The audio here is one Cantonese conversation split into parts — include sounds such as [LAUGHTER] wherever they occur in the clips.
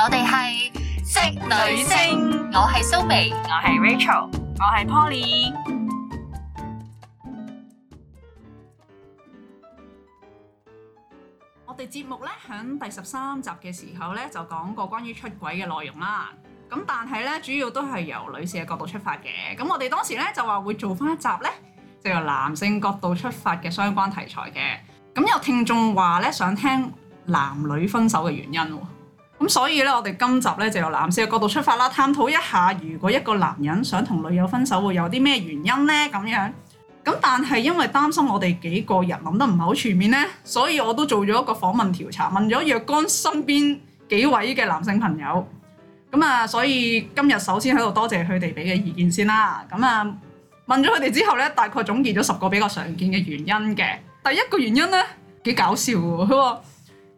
我哋係職女聲，我係蘇眉，我係 Rachel，我係 Polly。我哋節目咧響第十三集嘅時候咧就講過關於出軌嘅內容啦。咁但係咧主要都係由女士嘅角度出發嘅。咁我哋當時咧就話會做翻一集咧就由男性角度出發嘅相關題材嘅。咁有聽眾話咧想聽男女分手嘅原因。咁所以咧，我哋今集咧就由男士嘅角度出發啦，探討一下如果一個男人想同女友分手，會有啲咩原因咧？咁樣咁，但係因為擔心我哋幾個人諗得唔係好全面咧，所以我都做咗一個訪問調查，問咗若干身邊幾位嘅男性朋友。咁啊，所以今日首先喺度多謝佢哋俾嘅意見先啦。咁啊，問咗佢哋之後咧，大概總結咗十個比較常見嘅原因嘅。第一個原因咧幾搞笑嘅喎，佢話，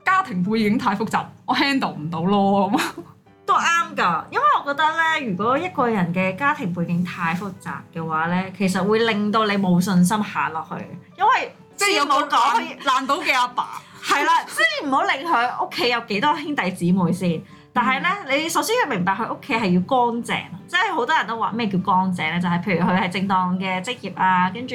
家庭背景太複雜，我 handle 唔到咯， [LAUGHS] 都啱㗎。因為我覺得咧，如果一個人嘅家庭背景太複雜嘅話咧，其實會令到你冇信心行落去。因為即係有冇講爛賭嘅阿爸，係啦，先唔好理佢屋企有幾多兄弟姊妹先。但係咧，嗯、你首先要明白佢屋企係要乾淨，即係好多人都話咩叫乾淨咧，就係、是、譬如佢係正當嘅職業啊，跟住。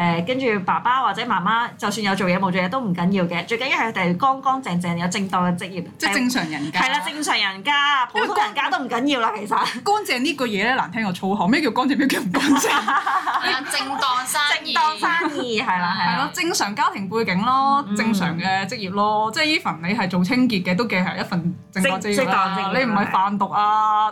誒跟住爸爸或者媽媽，就算有做嘢冇做嘢都唔緊要嘅，最緊要係佢哋乾乾淨淨，有正當嘅職業，即係正常人家。係啦吧，正常人家，因為 普通人家都唔緊要啦，其實。乾淨呢個嘢咧，難聽個粗口，咩叫乾淨？咩叫唔乾淨？ [LAUGHS] [LAUGHS] 正當生意，正當生意係啦。係咯，吧正常家庭背景咯，嗯、正常嘅職業咯，嗯、即係依份你係做清潔嘅都幾係一份正當職業，正正當正當，你唔係販毒啊？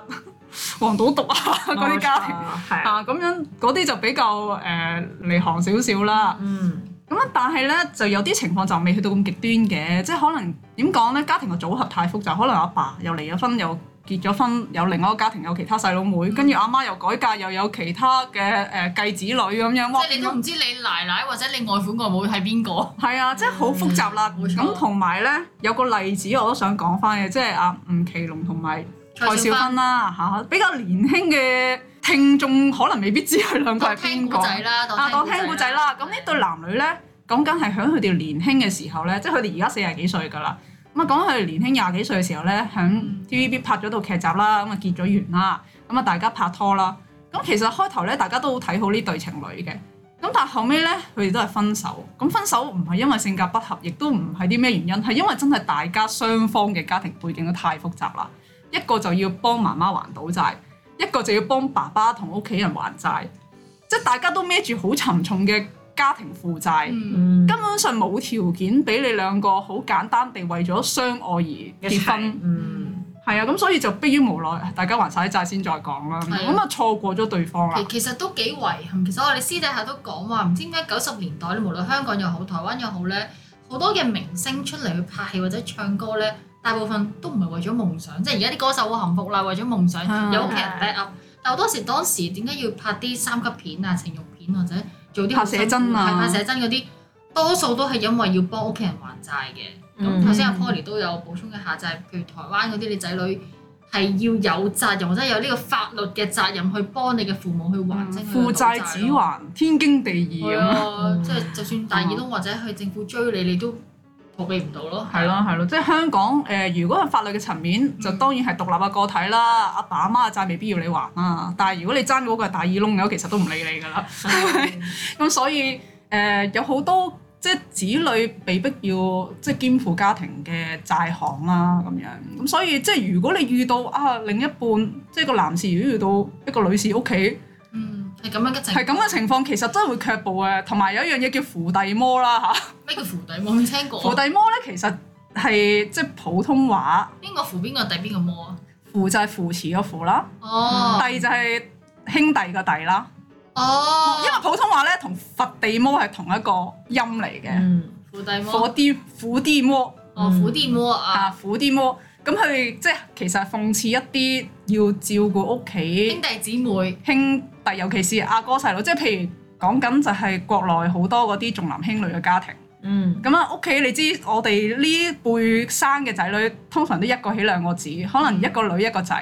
黃賭毒啊，嗰啲 [LAUGHS] 家庭、oh, yeah. 啊，咁樣嗰啲就比較誒、呃、離行少少啦。嗯，咁但係呢，就有啲情況就未去到咁極端嘅，即係可能點講呢？家庭嘅組合太複雜，可能阿爸，爸又離咗婚，又結咗婚，有另一個家庭，有其他細佬妹，跟住阿媽又改嫁，又有其他嘅誒、呃、繼子女咁樣。即係你都唔知你奶奶或者你外父外母係邊個？係啊，即係好複雜啦。咁同埋呢，有個例子我都想講返嘅，即係阿吳奇隆同埋，蔡少芬啦嚇，比較年輕嘅聽眾可能未必知佢兩個係邊個。啊，我聽古仔啦。咁呢對，對男女咧，講緊係喺佢哋年輕嘅時候咧，即係佢哋而家四廿幾歲㗎啦。咁啊，講佢哋年輕廿幾歲嘅時候咧，喺 TVB 拍咗套劇集啦，咁啊結咗緣啦，咁啊大家拍拖啦。咁其實開頭咧，大家都好睇好呢對情侶嘅。咁但係後尾咧，佢哋都係分手。咁分手唔係因為性格不合，亦都唔係啲咩原因，係因為真係大家雙方嘅家庭背景都太複雜啦。一個就要幫媽媽還賭債，一個就要幫爸爸同屋企人還債，即係大家都孭住好沉重嘅家庭負債，嗯、根本上冇條件俾你兩個好簡單地為咗相愛而結婚。係啊，咁、嗯、所以就迫於無奈，大家還晒啲債先再講啦。咁啊的，就錯過咗對方啦。其實都幾遺憾。其實我哋私底下都講話，唔知點解九十年代，你無論香港又好，台灣又好咧，好多嘅明星出嚟去拍戲或者唱歌咧。大部分都唔係為咗夢想，即係而家啲歌手好幸福啦，為咗夢想的有屋企人 back up 但係好多時當時點解要拍啲三級片啊、情欲片、啊、或者做啲拍寫真啊、拍寫真嗰啲，多數都係因為要幫屋企人還債嘅。咁頭先阿 Poly 都有補充一下，就係譬如台灣嗰啲你仔女係要有責任，或者有呢個法律嘅責任去幫你嘅父母去還債,債、嗯。負債子還天經地義啊！即係 [LAUGHS] 就算大耳窿或者去政府追你，你都。避唔到咯，係咯係咯，即係、啊、香港誒、呃，如果喺法律嘅層面，嗯、就當然係獨立嘅個體啦。阿爸阿媽嘅債未必要你還啊，但係如果你爭嗰個大耳窿嘅，其實都唔理你㗎啦，係咪、 [LAUGHS] 嗯？咁 [LAUGHS] 所以誒、呃，有好多即係、就是、子女被逼要即係肩負家庭嘅債項啦、啊，咁樣。咁所以即係、就是、如果你遇到啊另一半，即、就、係、是、個男士如果遇到一個女士屋企。係咁樣嘅，係咁嘅情況，其實真係會卻步嘅。同埋有一樣嘢叫扶弟魔啦，嚇。咩叫扶弟魔？未聽過。扶弟魔咧，其實係即係普通話。邊個扶邊個弟邊個魔啊？扶就係扶持個扶啦。哦。弟就係兄弟個弟啦。哦。因為普通話咧同佛地魔係同一個音嚟嘅。嗯。佛地魔。火啲，苦啲魔。哦，苦啲魔啊。啊，苦啲魔。咁佢哋，即係其實諷刺一啲要照顧屋企兄弟姊妹、兄妹。兄尤其是阿哥細佬，即係譬如講緊就係國內好多嗰啲重男輕女嘅家庭。嗯，咁啊屋企你知我哋呢輩生嘅仔女，通常都一個起兩個字，可能一個女一個仔。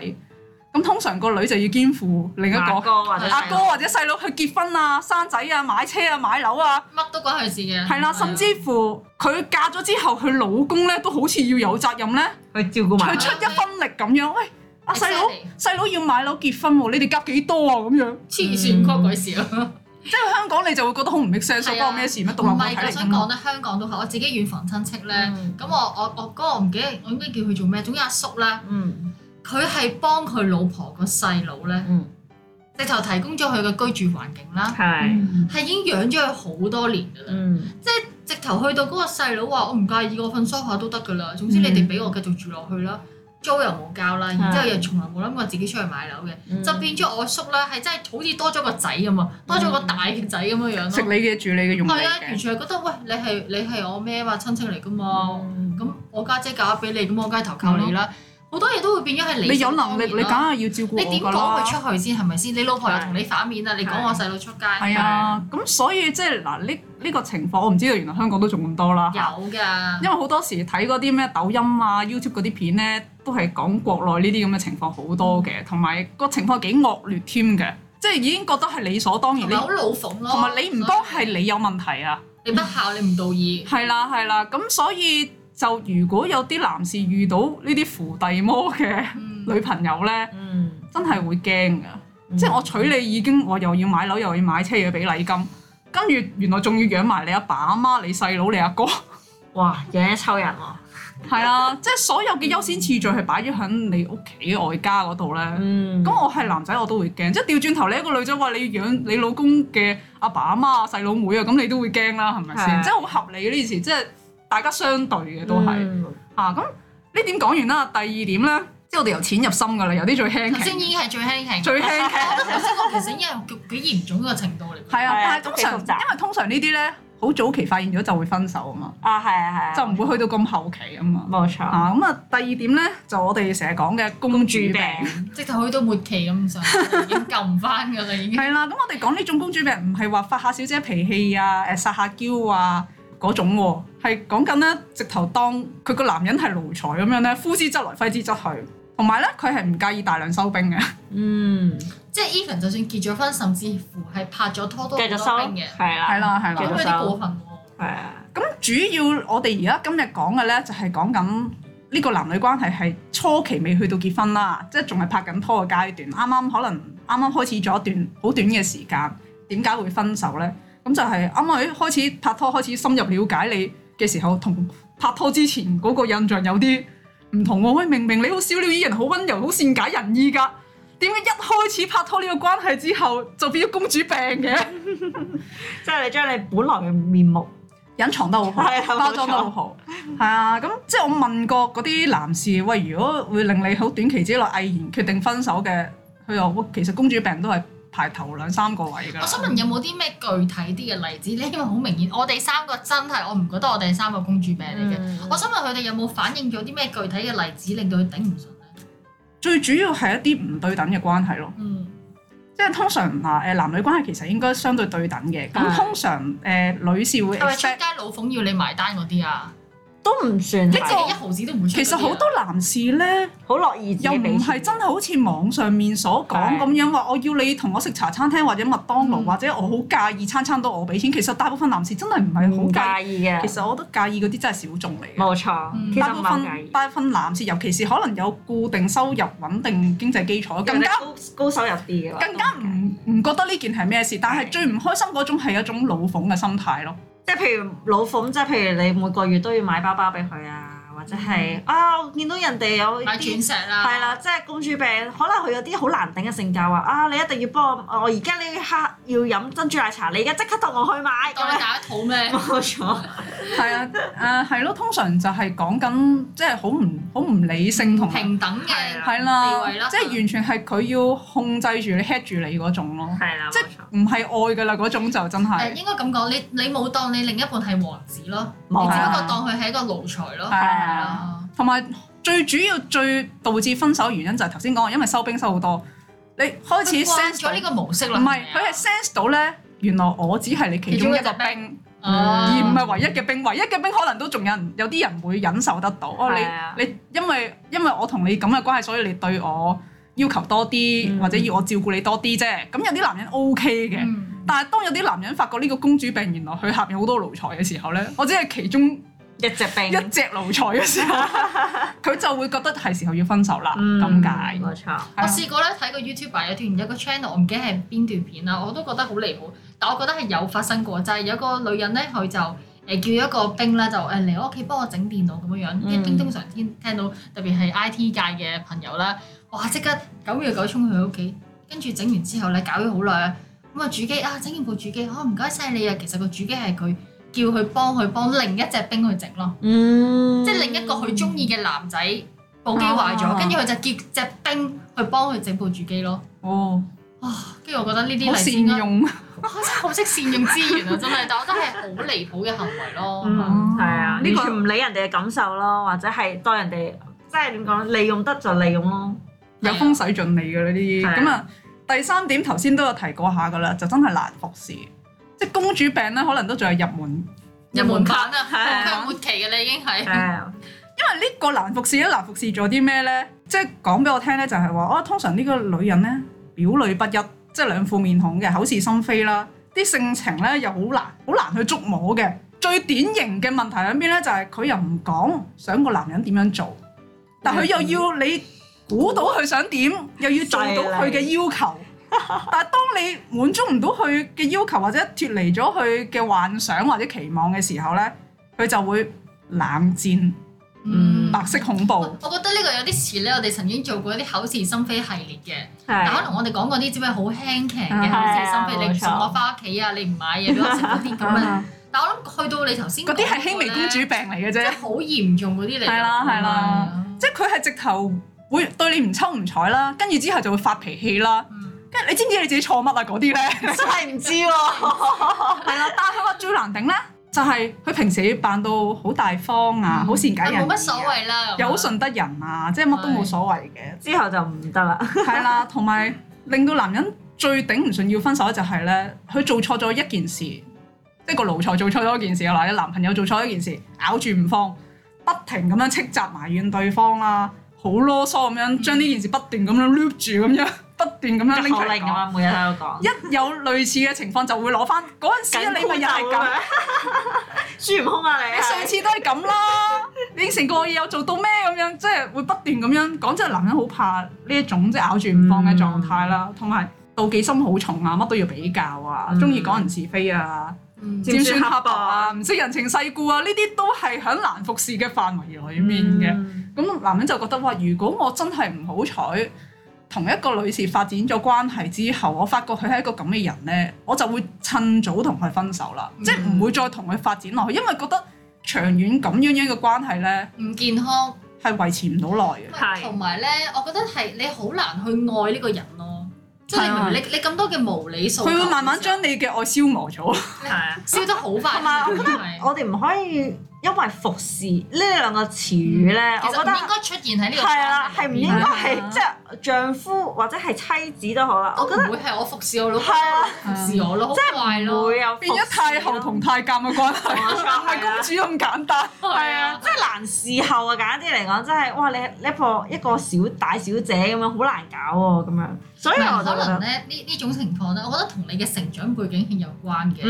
咁通常個女就要肩負另一個阿哥或者細佬去結婚啊、生仔啊、買車啊、買樓啊，乜都關佢事嘅。係啦，甚至乎佢嫁咗之後，佢老公咧都好似要有責任咧，去照顧埋佢，出一分力咁樣。哎阿細佬細佬要買樓結婚喎，你哋急幾多啊？咁樣黐線唔關鬼事啊！即係香港你就會覺得好唔適應，所以關我咩事咩？獨立個睇法。唔係，我想講咧，香港都係我自己遠房親戚咧。咁我我我哥，唔記得我應該叫佢做咩？總之阿叔咧，佢係幫佢老婆個細佬咧，直頭提供咗佢嘅居住環境啦，係係已經養咗佢好多年噶啦。即係直頭去到嗰個細佬話，我唔介意我份梳 o 都得噶啦。總之你哋俾我繼續住落去啦。租又冇交啦，然之後又從來冇諗過自己出去買樓嘅，嗯、就變咗我叔啦，係真係好似多咗個仔咁啊，多咗個大嘅仔咁樣樣咯。食你嘅住你嘅用你嘅，係啊，完全係覺得喂，你係你係我咩話親戚嚟噶嘛？咁、嗯、我家姐，姐嫁咗俾你，咁我梗係投靠你啦。好多嘢都會變咗係你有能力，你梗係要照顧我，你點講佢出去先係咪先？你老婆又同你反面啦，你講我細佬出街。係啊，咁是 所以即係嗱呢呢個情況，我唔知道原來香港都仲咁多啦。有㗎的。因為好多時睇嗰啲咩抖音啊、YouTube 嗰啲片咧，都係講國內呢啲咁嘅情況好多嘅，同埋個情況係幾惡劣添嘅，即係已經覺得係理所當然。你好老奉咯。同埋你唔當係你有問題啊？你唔孝，你唔道義。係啦， [LAUGHS] 係啦，咁所以。就如果有啲男士遇到呢啲扶弟魔嘅、嗯、女朋友呢，嗯、真係會驚噶。嗯、即係我娶你已經，我又要買樓，又要買車，又要俾禮金，跟住原來仲要養埋你阿爸阿媽、你細佬、你阿哥。哇！養一抽人喎、啊。係啊，即係所有嘅優先次序係擺咗喺你屋企外家嗰度呢。咁、嗯、我係男仔我都會驚。即係調轉頭，你一個女仔話你養你老公嘅阿爸阿媽、細佬妹啊，咁你都會驚啦，係咪先？對 即係好合理呢件事，即係。大家相對嘅都係啊，咁呢點講完啦。第二點咧，即係我哋由淺入深㗎啦。有啲最輕，其實已經係最輕嘅。最輕，我頭先講，其實已經幾嚴重嘅程度嚟。係啊，但係通常因為通常呢啲咧，好早期發現咗就會分手啊嘛。啊，係啊，係啊，就唔會去到咁後期啊嘛。冇錯啊。咁啊，第二點咧，就我哋成日講嘅公主病，直頭去到末期咁就已經救唔翻㗎啦，已經。係啦，咁我哋講呢種公主病，唔係話發下小姐脾氣啊，誒撒下嬌啊嗰種喎。係講緊咧，直頭當佢個男人係奴才咁樣咧，呼之則來，揮之則去。同埋咧，佢係唔介意大量收兵嘅。嗯， [LAUGHS] 即係 even 就算結咗婚，甚至乎係拍咗拖都繼續收兵嘅。係啦，係啦，係啦，因為啲過分。係啊。咁主要我哋而家今日講嘅咧，就係、是、講緊呢個男女關係係初期未去到結婚啦，即係仲係拍緊拖嘅階段。啱啱可能啱啱開始咗一段好短嘅時間，點解會分手咧？咁就係啱啱開始拍拖，開始深入了解你。嘅時候同拍拖之前嗰個印象有啲唔同。喂，明明你好小鳥依人，好溫柔，好善解人意噶，點解一開始拍拖呢個關係之後就變咗公主病嘅？ [LAUGHS] [LAUGHS] 即係你將你本來嘅面目隱藏得好好，包裝得好，係啊，咁即係我問過嗰啲男士喂，如果會令你好短期之內毅然決定分手嘅，佢又其實公主病都係。排頭兩三個位嘅。我想問有冇啲咩具體啲嘅例子？因為好明顯，我哋三個真係我唔覺得我哋三個公主病嚟嘅。嗯、我想問佢哋有冇反映咗啲咩具體嘅例子，令到佢頂唔順咧？最主要係一啲唔對等嘅關係咯。嗯，即係通常話誒男女關係其實應該相對對等嘅。咁、嗯、通常誒、呃、女士會係咪出街老奉要你埋單嗰啲啊？都唔算，一個一毫子都唔算。其實好多男士咧，好樂意又唔係真係好似網上面所講咁樣話，我要你同我食茶餐廳或者麥當勞，或者我好介意餐餐都我俾錢。其實大部分男士真係唔係好介意嘅。其實我覺得介意嗰啲真係小眾嚟嘅。冇錯，大部分大部分男士，尤其是可能有固定收入、穩定經濟基礎，更加高收入啲啦，更加唔唔覺得呢件係咩事。但係最唔開心嗰種係一種老奉嘅心態咯。即係譬如老鳳，即係譬如你每個月都要買包包俾佢啊。就係啊！我見到人哋有鑽石啦，係啦，即係公主病。可能佢有啲好難頂嘅性格，話啊！你一定要幫我，我而家呢刻要飲珍珠奶茶，你而家即刻同我去買。當大肚咩？冇錯。係啊，誒係咯，通常就係講緊即係好唔好唔理性同平等嘅，係啦，即係完全係佢要控制住你 hit 住你嗰種咯。係啦，即係唔係愛㗎喇嗰種就真係。誒，應該咁講，你你冇當你另一半係王子咯，你只不過當佢係一個奴才咯。同埋、啊、最主要最導致分手原因就係頭先講，因為收兵收好多，你開始 sense 咗呢個模式啦。唔係到，佢係 sense 到咧，原來我只係你其中一個兵，個兵啊、而唔係唯一嘅兵。唯一嘅兵可能都仲有人，有啲人會忍受得到。哦、啊，你你因為因為我同你咁嘅關係，所以你對我要求多啲，嗯、或者要我照顧你多啲啫。咁有啲男人 OK 嘅，嗯、但係當有啲男人發覺呢個公主病原來佢下面好多奴才嘅時候咧，我只係其中一隻兵，一隻奴才嘅時候，佢 [LAUGHS] 就會覺得係時候要分手啦，咁、嗯、解。冇錯，啊、我試過咧睇過 YouTuber 有段有個 channel，我唔記得係邊段片啦，我都覺得好離譜。但我覺得係有發生過，就係、是、有個女人咧，佢就誒叫一個兵咧，就誒嚟我屋企幫我整電腦咁樣樣。因為兵通常天聽到特別係 IT 界嘅朋友啦，哇！即刻九秒九衝去佢屋企，跟住整完之後咧搞咗好耐啊。咁啊主機啊整完部主機，哦唔該晒你啊，其實個主機係佢。叫佢幫佢幫另一隻兵去整咯，嗯、即係另一個佢中意嘅男仔，部機壞咗，跟住佢就叫隻兵去幫佢整部主機咯。哦，啊，跟住我覺得呢啲好善用，好識善用資源啊！真係，但係我都係好離譜嘅行為咯。係、嗯、啊、嗯哎，完全唔理人哋嘅感受咯，或者係當人哋即係點講，利用得就利用咯，有風使盡嚟㗎呢啲。咁啊，第三點頭先都有提過下㗎啦，就真係難服侍。即公主病啦，可能都仲係入門入門版拍啊，係末期嘅你已經係。啊、因為呢個難服侍咧，難服侍做啲咩咧？即係講俾我聽咧，就係話，哦，通常呢個女人咧，表裏不一，即係兩副面孔嘅，口是心非啦，啲性情咧又好難，好難去捉摸嘅。最典型嘅問題喺邊咧？就係、是、佢又唔講想個男人點樣做，但佢又要你估到佢想點，嗯、又要做到佢嘅要求。 [LAUGHS] 但係當你滿足唔到佢嘅要求，或者脫離咗佢嘅幻想或者期望嘅時候咧，佢就會冷戰，嗯，白色恐怖。我，我覺得呢個有啲似咧，我哋曾經做過一啲口是心非系列嘅，是但可能我哋講嗰啲只係好輕騎嘅口心、啊、是心、啊、非，你唔送我返屋企啊，你唔買嘢咁啊咁啊。但我諗去到你頭先嗰啲係輕微公主病嚟嘅啫，好嚴重嗰啲嚟啦，係啦、啊，啊嗯啊、即係佢係直頭會對你唔抽唔睬啦，跟住之後就會發脾氣啦。 [LAUGHS] 嗯跟你知唔知你自己錯乜啊？嗰啲咧真係唔知喎，係啦。但係佢話最難頂咧，就係、是、佢平時扮到好大方啊，嗯、好善解人、啊，冇乜所謂啦，又好順得人啊，啊即係乜都冇所謂嘅。之後就唔得啦，係 [LAUGHS] 啦。同埋令到男人最頂唔順要分手就係咧，佢做錯咗一件事，即、這、係個奴才做錯咗一件事，嗱，你男朋友做錯一件事，咬住唔放，不停咁樣斥責埋怨對方啦、啊，好囉嗦咁樣，將呢件事不斷咁樣 loop 住咁樣。嗯 [LAUGHS] 不斷咁樣拎出，咁樣每日喺度講，一有類似嘅情況就會攞翻嗰陣時，你咪又係咁，孫悟空啊你，你上次都係咁啦，你應承過我嘢有做到咩咁樣？即係會不斷咁樣講，即係男人好怕呢一種即係咬住唔放嘅狀態啦，同埋妒忌心好重啊，乜都要比較啊，中意講人是非啊，尖酸刻薄啊，唔識人情世故啊，呢啲都係喺難服侍嘅範圍裡面嘅。咁男人就覺得話，如果我真係唔好彩。同一個女士發展咗關係之後，我發覺佢係一個咁嘅人呢，我就會趁早同佢分手啦，嗯、即係唔會再同佢發展落去，因為覺得長遠咁樣樣嘅關係呢，唔健康，係維持唔到耐嘅。同埋是呢，我覺得係你好難去愛呢個人咯、啊，即係、啊、你你咁多嘅無理數，佢會慢慢將你嘅愛消磨咗，係啊，消 [LAUGHS] 得好快。同埋 [LAUGHS] 我覺得我哋唔可以。因為服侍呢兩個詞語咧，我覺得應該出現喺呢個係啊，係唔應該係即係丈夫或者係妻子都好啦，都唔會係我服侍我老公，係啊，服侍我老公，即係唔會又變咗太后同太監嘅關係，唔係公主咁簡單，係啊，即係難伺候啊！簡單啲嚟講，真係哇，你你破一個小大小姐咁樣，好難搞喎，咁樣。所以可能咧，呢呢種情況咧，我覺得同你嘅成長背景係有關嘅，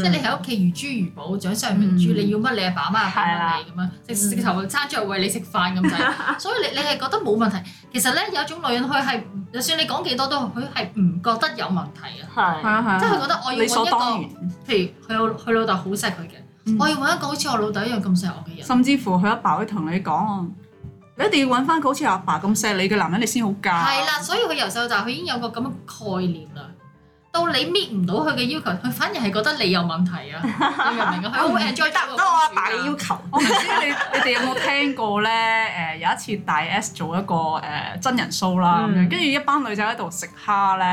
即係你喺屋企如珠如寶，掌上明珠，你要乜你阿爸阿媽捧你咁樣，食直頭餐桌餵你食飯咁滯。所以你你係覺得冇問題。其實咧，有一種女人，佢係就算你講幾多都，佢係唔覺得有問題啊。即係佢覺得我要揾一個，譬如佢老佢老豆好錫佢嘅，我要揾一個好似我老豆一樣咁錫我嘅人。甚至乎佢阿爸會同你講。你一定要揾翻好似阿爸咁錫你嘅男人，你，你先好嫁。係 [NOISE] 啦，所以佢由細就佢已經有個咁嘅概念啦。到你搣唔到佢嘅要求，佢反而係覺得你有問題啊！ [LAUGHS] 你明唔明佢我好 enjoy 再答 o 我阿爸嘅要求？ [LAUGHS] 我唔知你你哋有冇聽過咧？誒有一次大 S 做一個誒真人 show 啦，咁樣跟住一班女仔喺度食蝦咧，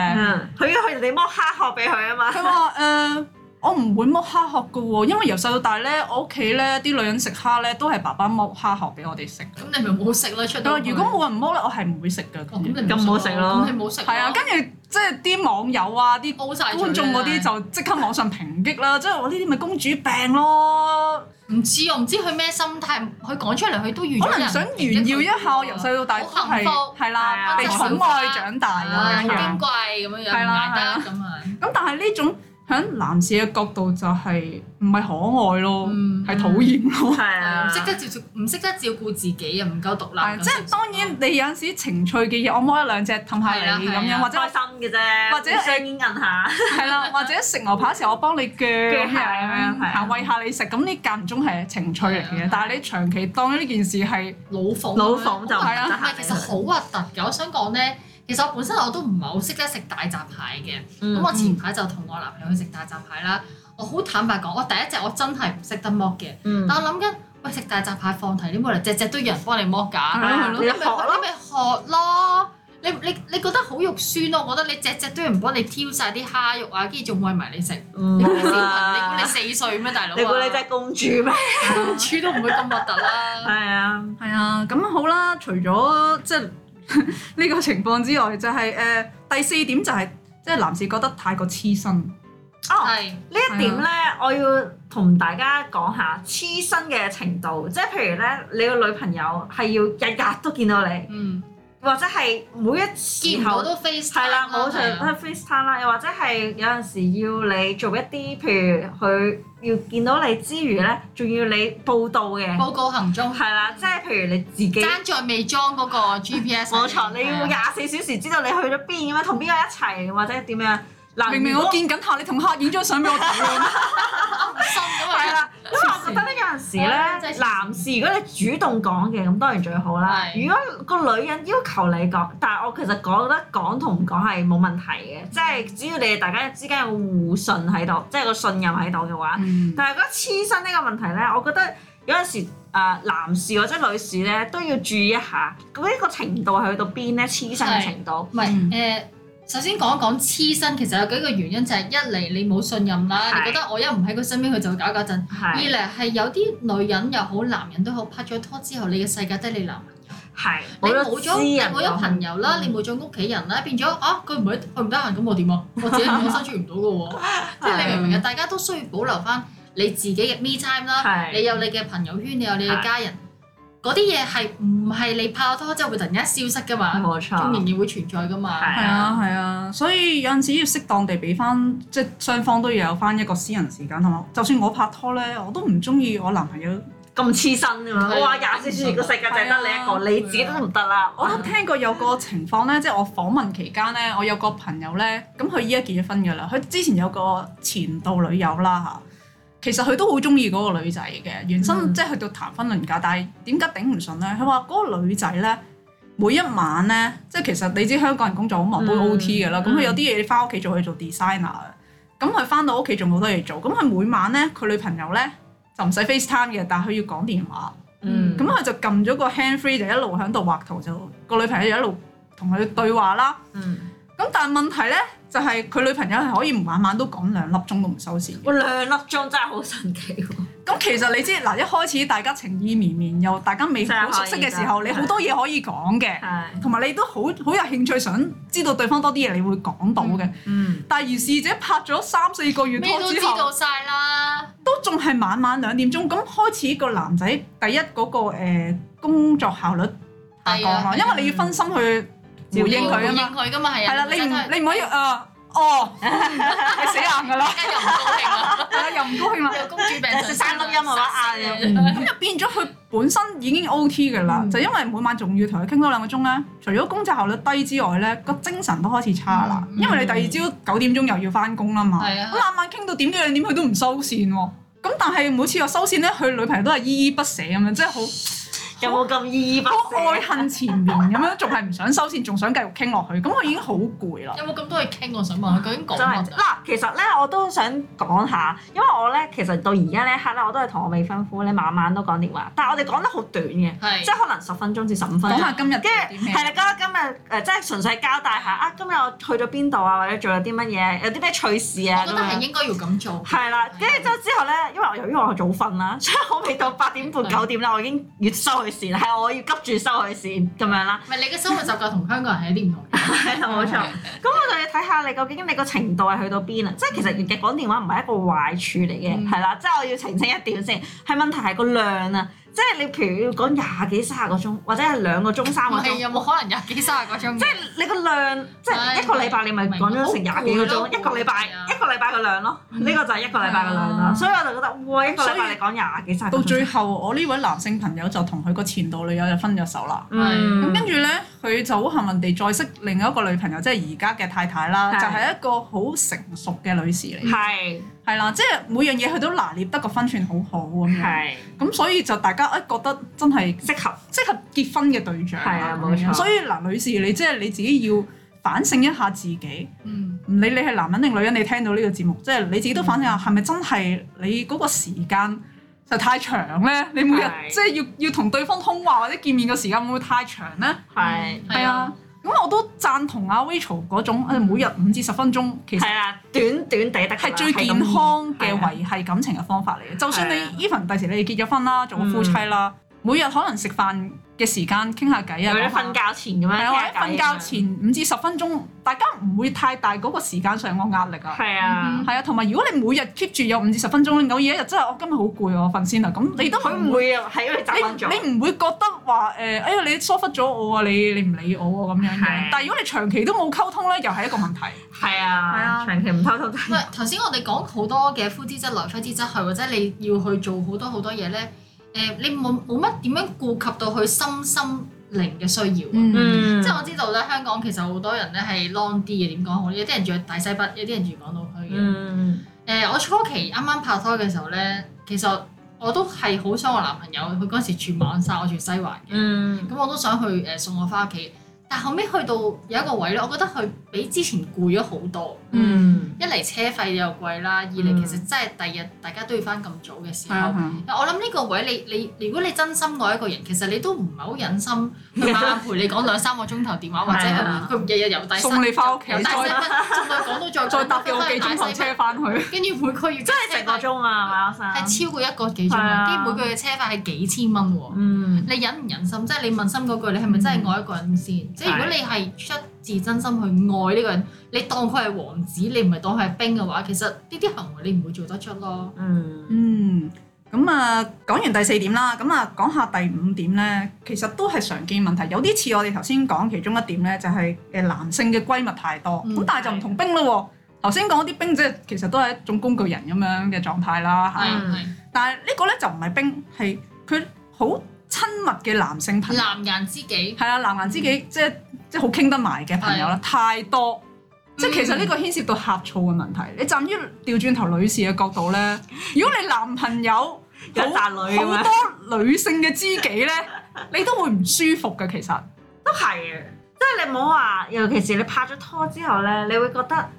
佢、 [NOISE] 嗯、要佢哋剝蝦殼俾佢啊嘛。佢話誒。呃我唔會剝蝦殼噶喎，因為由細到大咧，我屋企咧啲女人食蝦咧都係爸爸剝蝦殼俾我哋食。咁你咪冇食啦出？但係如果冇人唔剝咧，我係唔會食噶。咁你冇食咯。咁你冇食。係啊，跟住即係啲網友啊、啲觀眾嗰啲就即刻網上抨擊啦，即係我呢啲咪公主病咯。唔知我唔知佢咩心態，佢講出嚟佢都可能想炫耀一下，我由細到大都係係啦，被寵愛長大咁樣樣。矜貴咁樣樣，係啦，係啦，咁啊。咁但係呢種。喺男士嘅角度就係唔係可愛咯，係討厭咯，唔識得照顧，唔識得照顧自己又唔夠獨立。即係當然，你有陣時情趣嘅嘢，我摸一兩隻氹下你咁樣，或者開心嘅啫，或者上肩摁下。係啦，或者食牛扒嘅時候我幫你鋸鋸下餵下你食，咁呢間唔中係情趣嚟嘅，但係你長期當呢件事係老奉，老奉就係啊，但係其實好核突嘅，我想講咧。其實我本身我都唔係好識得食大閘蟹嘅，咁我前排就同我男朋友去食大閘蟹啦。我好坦白講，我第一隻我真係唔識得剝嘅。但我諗緊，喂，食大閘蟹放題，你冇理由隻隻都有人幫你剝㗎。你，你，學咯，你你學咯，你你你，你覺得好肉酸咯？我覺得你隻隻都有人幫你挑晒啲蝦肉啊，跟住仲喂埋你食。你估你四歲咩，大 [LAUGHS] 佬？ [LAUGHS] [LAUGHS] 你估你公主咩？公主都唔會咁核突啦。係啊，係啊，咁好啦，除咗即係。呢 [LAUGHS] 個情況之外，就係、是、誒、呃、第四點就係、是，即、就、係、是、男士覺得太過黐身。哦，係呢是一點咧， [LAUGHS] 我要同大家講下黐身嘅程度，即係譬如咧，你個女朋友係要日日都見到你。嗯。或者係每一次我都 face time 啦，我就都 face time 啦的。又或者係有陣時要你做一啲，譬如佢要見到你之餘咧，仲要你報到嘅，報告行蹤。係啦，即係譬如你自己爭、嗯、在未裝嗰個 GPS，冇 [LAUGHS] 錯，你要廿四小時知道你去咗邊嘅咩，同邊個一齊或者點樣？嗱，明明我見緊下你同黑影張相俾我睇咯，係啦。咁我覺得咧，有陣時咧，男士如果你主動講嘅，咁當然最好啦。如果個女人要求你講，但係我其實講覺得講同唔講係冇問題嘅，即係只要你哋大家之間有互信喺度，即係個信任喺度嘅話。但係覺得黐身呢個問題咧，我覺得有陣時誒男士或者女士咧都要注意一下。咁呢個程度係去到邊咧？黐身嘅程度，唔係首先講一講黐身，其實有幾個原因，就係、是、一嚟你冇信任啦，是你覺得我一唔喺佢身邊，佢就會搞搞震；是二嚟係有啲女人又好，男人都好，拍咗拖之後，你嘅世界得你男朋友，嗯、你冇咗，冇咗朋友啦，你冇咗屋企人啦，變咗啊，佢唔佢唔得閒，咁我點啊？我自己完全生存唔到嘅喎，即係 [LAUGHS] 你明唔明啊？是大家都需要保留翻你自己嘅 me time 啦是，你有你嘅朋友圈，你有你嘅家人。是嗰啲嘢係唔係你拍拖之後、就是、會突然間消失㗎嘛？冇錯，仍然會存在㗎嘛。係啊，係啊，啊。所以有陣時要適當地俾翻，即係雙方都要有翻一個私人時間，同埋就算我拍拖咧，我都唔中意我男朋友咁黐身咁我是哇！廿四小時個世界就得你一個，啊、你自己都唔得啦。啊啊、我都聽過有個情況咧，即、就、係、是、我訪問期間咧，我有個朋友咧，咁佢依家結咗婚㗎啦。佢之前有個前度女友啦嚇。其實佢都好中意嗰個女仔嘅，原生即係去到談婚論嫁，但係點解頂唔順咧？佢話嗰個女仔咧，每一晚咧，即係其實你知香港人工作好忙，都 OT 嘅啦。咁佢、嗯、有啲嘢翻屋企做，佢做 designer，咁佢翻到屋企仲好多嘢做。咁佢每晚咧，佢女朋友咧就唔使 FaceTime 嘅，但係佢要講電話。嗯，咁佢就撳咗個 handfree 就一路喺度畫圖，就個女朋友就一路同佢對話啦。嗯，咁但係問題咧，就係佢女朋友係可以晚晚都講兩粒鐘都唔收線，哦，兩粒鐘真係好神奇喎！咁其實你知嗱，一開始大家情意綿綿又大家未好熟悉嘅時候，你好多嘢可以講嘅，同埋你，是你都好好有興趣想知道對方多啲嘢，你會講到嘅。嗯嗯、但係如是者拍咗三四個月拖都知道晒啦，都仲係晚晚兩點鐘。咁開始個男仔第一嗰、嗰個、呃、工作效率下降啦，啊啊、因為你要分心去。回應佢，啊嘛，佢係啦，你唔你唔可以誒哦，你死硬噶啦，又唔高興啦，又唔高興啦，公主病，三粒音喎，嗌。咁就變咗，佢本身已經 OT 嘅啦，就因為每晚仲要同佢傾多兩個鐘咧，除咗工作效率低之外咧，個精神都開始差啦，因為你第二朝九點鐘又要翻工啦嘛，咁晚晚傾到點幾兩點，佢都唔收線喎，咁但係每次我收線咧，佢女朋友都係依依不捨咁樣，即係好。有冇咁依依不捨？好愛恨纏綿，咁樣，仲係唔想收線，仲想繼續傾落去。咁我已經好攰啦。有冇咁多嘢傾？我想問佢究竟講乜？嗱，其實咧我都想講下，因為我咧其實到而家呢一刻咧，我都係同我未婚夫咧晚晚都講電話，但係我哋講得好短嘅，即係可能十分鐘至十五分鐘。講下今日，跟住係啦，今日誒即係純粹交代下啊，今日我去咗邊度啊，或者做咗啲乜嘢，有啲咩趣事啊？我覺得係應該要咁做。係啦，跟住之後咧，因為由於我早瞓啦，所以我未到八點半九點啦，我已經越收線係我要急住收佢線咁樣啦，唔係你嘅生活習慣同香港人係一啲唔同嘅，係冇 [LAUGHS] 錯。咁 [LAUGHS] 我就要睇下你究竟你個程度係去到邊啊？嗯、即係其實日劇講電話唔係一個壞處嚟嘅，係啦、嗯，即係我要澄清一點先，係問題係個量啊。即係你譬如要講廿幾卅個鐘，或者係兩個鐘三個鐘，有冇可能廿幾卅個鐘？即係你個量，即係一個禮拜你咪講咗成廿幾個鐘，嗯、一個禮拜累、啊、一個禮拜嘅量咯。呢、呢個就係一個禮拜嘅量啦。嗯、所以我就覺得，哇！一個禮拜你講廿幾卅，到最後我呢位男性朋友就同佢個前度女友分了了、嗯、就分咗手啦。咁跟住咧，佢就好幸運地再識另一個女朋友，即係而家嘅太太啦，就係、是、一個好成熟嘅女士嚟。係啦，即係每樣嘢佢都拿捏得個分寸好好咁樣，咁、嗯、所以就大家一覺得真係適合適合結婚嘅對象。係啊，冇錯、嗯。所以嗱、呃，女士你即係你自己要反省一下自己。嗯，唔理你係男人定女人，你聽到呢個節目，即係你自己都反省下，係咪真係你嗰個時間就太長咧？你每日即係要要同對方通話或者見面嘅時間會唔會太長咧？係係、嗯、啊。咁我都贊同阿 Rachel 嗰種，每日五至十分鐘，其實短短地的係最健康嘅維係感情嘅方法嚟嘅。啊、就算你 Even 第時你結咗婚啦，做夫妻啦，嗯、每日可能食飯嘅時間傾下偈啊，或者瞓覺前咁樣，或者瞓覺前五至十分鐘，大家唔會太大嗰個時間上嘅壓力啊。係啊，係啊，同埋如果你每日 keep 住有五至十分鐘，我而家又真係我今日好攰啊，我瞓先啦。咁你都佢唔會啊，係因為習慣咗。你唔會覺得話誒，哎呀，你疏忽咗我啊，你你唔理我啊咁樣嘅。但係如果你長期都冇溝通咧，又係一個問題。係啊，係啊，長期唔溝通。唔係頭先我哋講好多嘅呼之則來、揮之則去，或者你要去做好多好多嘢咧。誒、呃，你冇冇乜點樣顧及到佢心心靈嘅需要啊？Mm hmm. 即係我知道咧，香港其實好多人咧係 long 啲嘅，點講好咧？有啲人住大西北，有啲人住港島區嘅。誒、mm hmm. 呃，我初期啱啱拍拖嘅時候咧，其實我都係好想我男朋友，佢嗰時住馬鞍山，我住西環嘅。咁、mm hmm. 我都想去誒、呃、送我翻屋企。但後尾去到有一個位咧，我覺得佢比之前攰咗好多。嗯，一嚟車費又貴啦，二嚟其實真係第二日大家都要翻咁早嘅時候。我諗呢個位你你，如果你真心愛一個人，其實你都唔係好忍心佢晚晚陪你講兩三個鐘頭電話，或者佢日日由低送你翻屋企，再再講多再再搭咗幾鐘頭車翻去。跟住每個月即係成個鐘啊，係超過一個幾鐘，跟住每個月嘅車費係幾千蚊喎。你忍唔忍心？即係你問心嗰句，你係咪真係愛一個人先？即如果你係出自真心去愛呢個人，你當佢係王子，你唔係當佢係兵嘅話，其實呢啲行為你唔會做得出咯。嗯，咁啊、嗯，講完第四點啦，咁啊講下第五點咧，其實都係常見問題，有啲似我哋頭先講其中一點咧，就係、誒、嘅男性嘅閨蜜太多。咁但係就唔同兵咯喎，頭先講啲兵即係其實都係一種工具人咁樣嘅狀態啦。係的，的但係呢個咧就唔係兵，係佢好。親密嘅男性朋友男、啊，男人知己，係啊、嗯，男人知己即係即係好傾得埋嘅朋友啦，是 太多，嗯、即係其實呢個牽涉到呷醋嘅問題。你站於掉轉頭女士嘅角度咧，如果你男朋友 [LAUGHS] 有大女，好多女性嘅知己咧， [LAUGHS] 你都會唔舒服嘅。其實都係啊，即係你唔好話，尤其是你拍咗拖之後咧，你會覺得。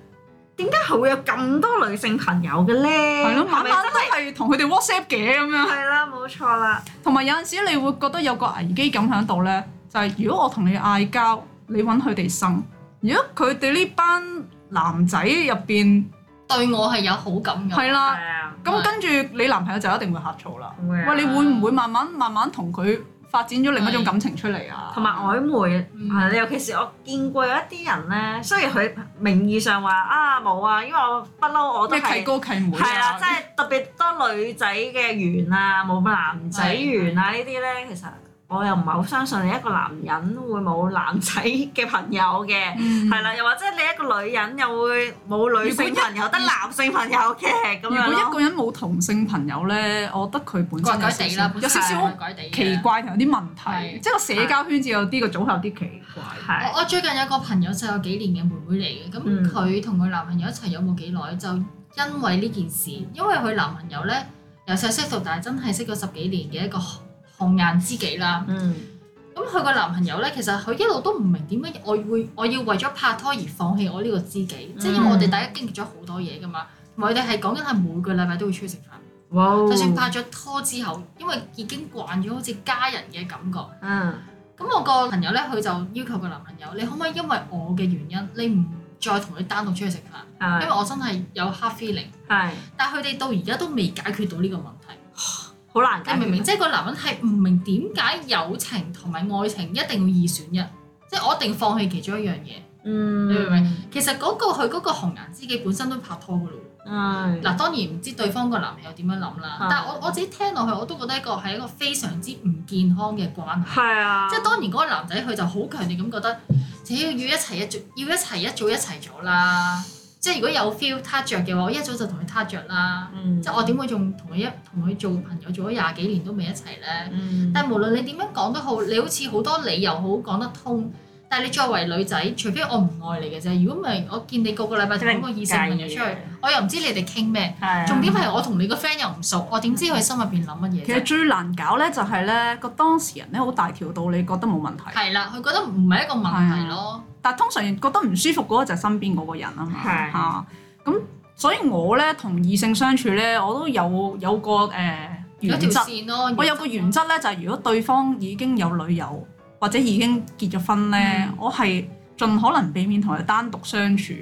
點解會有咁多女性朋友嘅咧？係咯，晚晚都係同佢哋 WhatsApp 嘅咁樣。係啦，冇錯啦。同埋有陣時你會覺得有個危機感喺度咧，就係、是、如果我同你嗌交，你揾佢哋生；如果佢哋呢班男仔入邊對我係有好感嘅，係啦，咁跟住你男朋友就一定會呷醋啦。的喂，你會唔會慢慢慢慢同佢？發展咗另一種感情出嚟啊，同埋曖昧啊！嗯、尤其是我見過有一啲人咧，嗯、雖然佢名義上話啊冇啊，因為我不嬲我都係契哥契妹，係啦，即係、啊、特別多女仔嘅緣啊，冇、嗯、男仔緣啊，對呢啲咧其實。我又唔係好相信你一個男人會冇男仔嘅朋友嘅，係啦，又或者你一個女人又會冇女性朋友，得男性朋友嘅，咁如果一個人冇同性朋友咧，我覺得佢本身有少少有少少奇怪同有啲問題，即係個社交圈子有啲個組合有啲奇怪。我我最近有個朋友，細我幾年嘅妹妹嚟嘅，咁佢同佢男朋友一齊有冇幾耐就因為呢件事，因為佢男朋友咧由細識到大，真係識咗十幾年嘅一個。紅顏知己啦，咁佢個男朋友咧，其實佢一路都唔明點解我會我要為咗拍拖而放棄我呢個知己，即係、嗯、因為我哋大家經歷咗好多嘢噶嘛，同埋佢哋係講緊係每個禮拜都會出去食飯，哦、就算拍咗拖之後，因為已經慣咗好似家人嘅感覺。嗯，咁我個朋友咧，佢就要求個男朋友，你可唔可以因為我嘅原因，你唔再同佢單獨出去食飯？是因為我真係有 hard feeling 是。係，但係佢哋到而家都未解決到呢個問題。好難，你明明即係個男人係唔明點解友情同埋愛情一定要二選一，即係我一定放棄其中一樣嘢。嗯，你明唔明？其實嗰個佢嗰個紅顏知己本身都拍拖㗎啦。係的，嗱當然唔知對方個男朋友點樣諗啦。的但係我我自己聽落去我都覺得一個係一個非常之唔健康嘅關係。係啊的，即係當然嗰個男仔佢就好強烈咁覺得，就要一齊一早，要一齊一早一齊咗啦。即係如果有 feel touch 着嘅話，我一早就同佢 touch 着啦。嗯、即係我點會仲同佢一同佢做朋友做咗廿幾年都未一齊咧？嗯、但係無論你點樣講都好，你好似好多理由好講得通。但係你作為女仔，除非我唔愛你嘅啫。如果唔係，我見你個個禮拜就揾個異性朋友出去，我又唔知你哋傾咩。重點係我同你個 friend 又唔熟，我點知佢心入邊諗乜嘢？其實最難搞咧就係咧個當事人咧好大條道理覺得冇問題。係啦，佢覺得唔係一個問題咯。 [LAUGHS] [LAUGHS] 但通常覺得唔舒服嗰個就係身邊嗰個人啊嘛嚇，咁是所以我咧同異性相處咧，我都有有個誒、呃、原則，有哦、原則我有個原則咧，就係、是、如果對方已經有女友或者已經結咗婚咧，嗯、我係盡可能避免同佢單獨相處。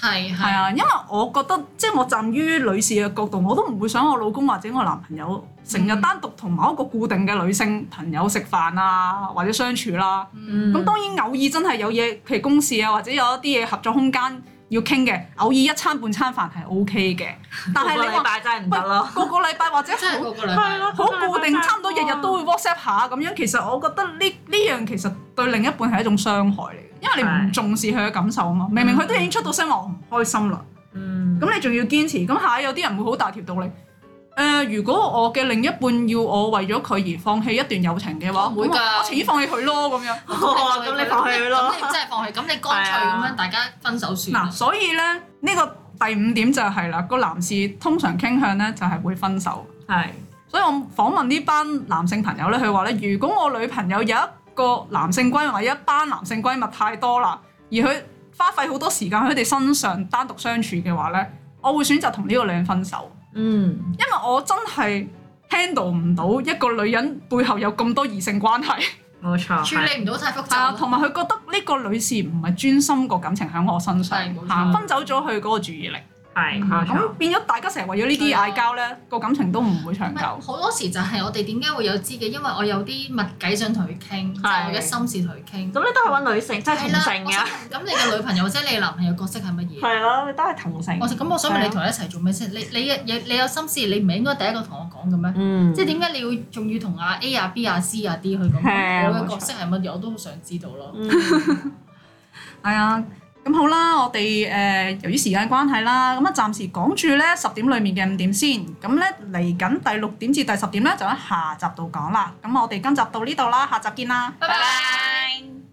係係啊，因為我覺得即係、就是、我站於女士嘅角度，我都唔會想我老公或者我男朋友成日單獨同某一個固定嘅女性朋友食飯啊，或者相處啦、啊。咁、嗯、當然偶爾真係有嘢，譬如公事啊，或者有一啲嘢合作空間。要傾嘅，偶爾一餐半餐飯係 O K 嘅，但係你話，個個禮拜係唔得咯。個個禮拜或者好 [LAUGHS] 啦好固定，差唔多日日都會 WhatsApp 下咁樣。其實我覺得呢呢樣其實對另一半係一種傷害嚟嘅，因為你唔重視佢嘅感受啊嘛。明明佢都已經出到聲我唔開心啦，咁、 [LAUGHS] 嗯、你仲要堅持？咁下有啲人會好大條道理。誒、呃，如果我嘅另一半要我為咗佢而放棄一段友情嘅話，唔會㗎，我情願放棄佢咯咁樣。哇，咁你放棄佢咯？咁你真係放棄？咁 [LAUGHS] 你乾脆咁樣大家分手算嗱、啊，所以咧，呢、這個第五點就係、是、啦，個男士通常傾向咧就係、是、會分手。係的，所以我訪問呢班男性朋友咧，佢話咧，如果我女朋友有一個男性閨蜜，或一班男性閨蜜太多啦，而佢花費好多時間喺佢哋身上單獨相處嘅話咧，我會選擇同呢個女人分手。嗯，因為我真係 handle 唔到一個女人背後有咁多異性關係，冇錯，處理唔到太複雜，同埋佢覺得呢個女士唔係專心個感情喺我身上，吓分走咗佢個注意力。係，咁變咗大家成日為咗呢啲嗌交咧，個感情都唔會長久。好多時就係我哋點解會有知己，因為我有啲密計想同佢傾，我嘅心事同佢傾。咁你都係揾女性，即係同性。咁你嘅女朋友或者你男朋友角色係乜嘢？係咯，你都係同性。我咁，我想問你同佢一齊做咩先？你你嘅嘢，你有心思，你唔係應該第一個同我講嘅咩？即係點解你要仲要同阿 A 啊 B 啊 C 啊 D 去講？我嘅角色係乜嘢？我都好想知道咯。係啊。咁好啦，我哋誒、呃、由於時間關係啦，咁啊暫時講住咧十點裏面嘅五點先。咁咧嚟緊第六點至第十點咧，就喺下集度講啦。咁我哋今集到呢度啦，下集見啦，拜拜。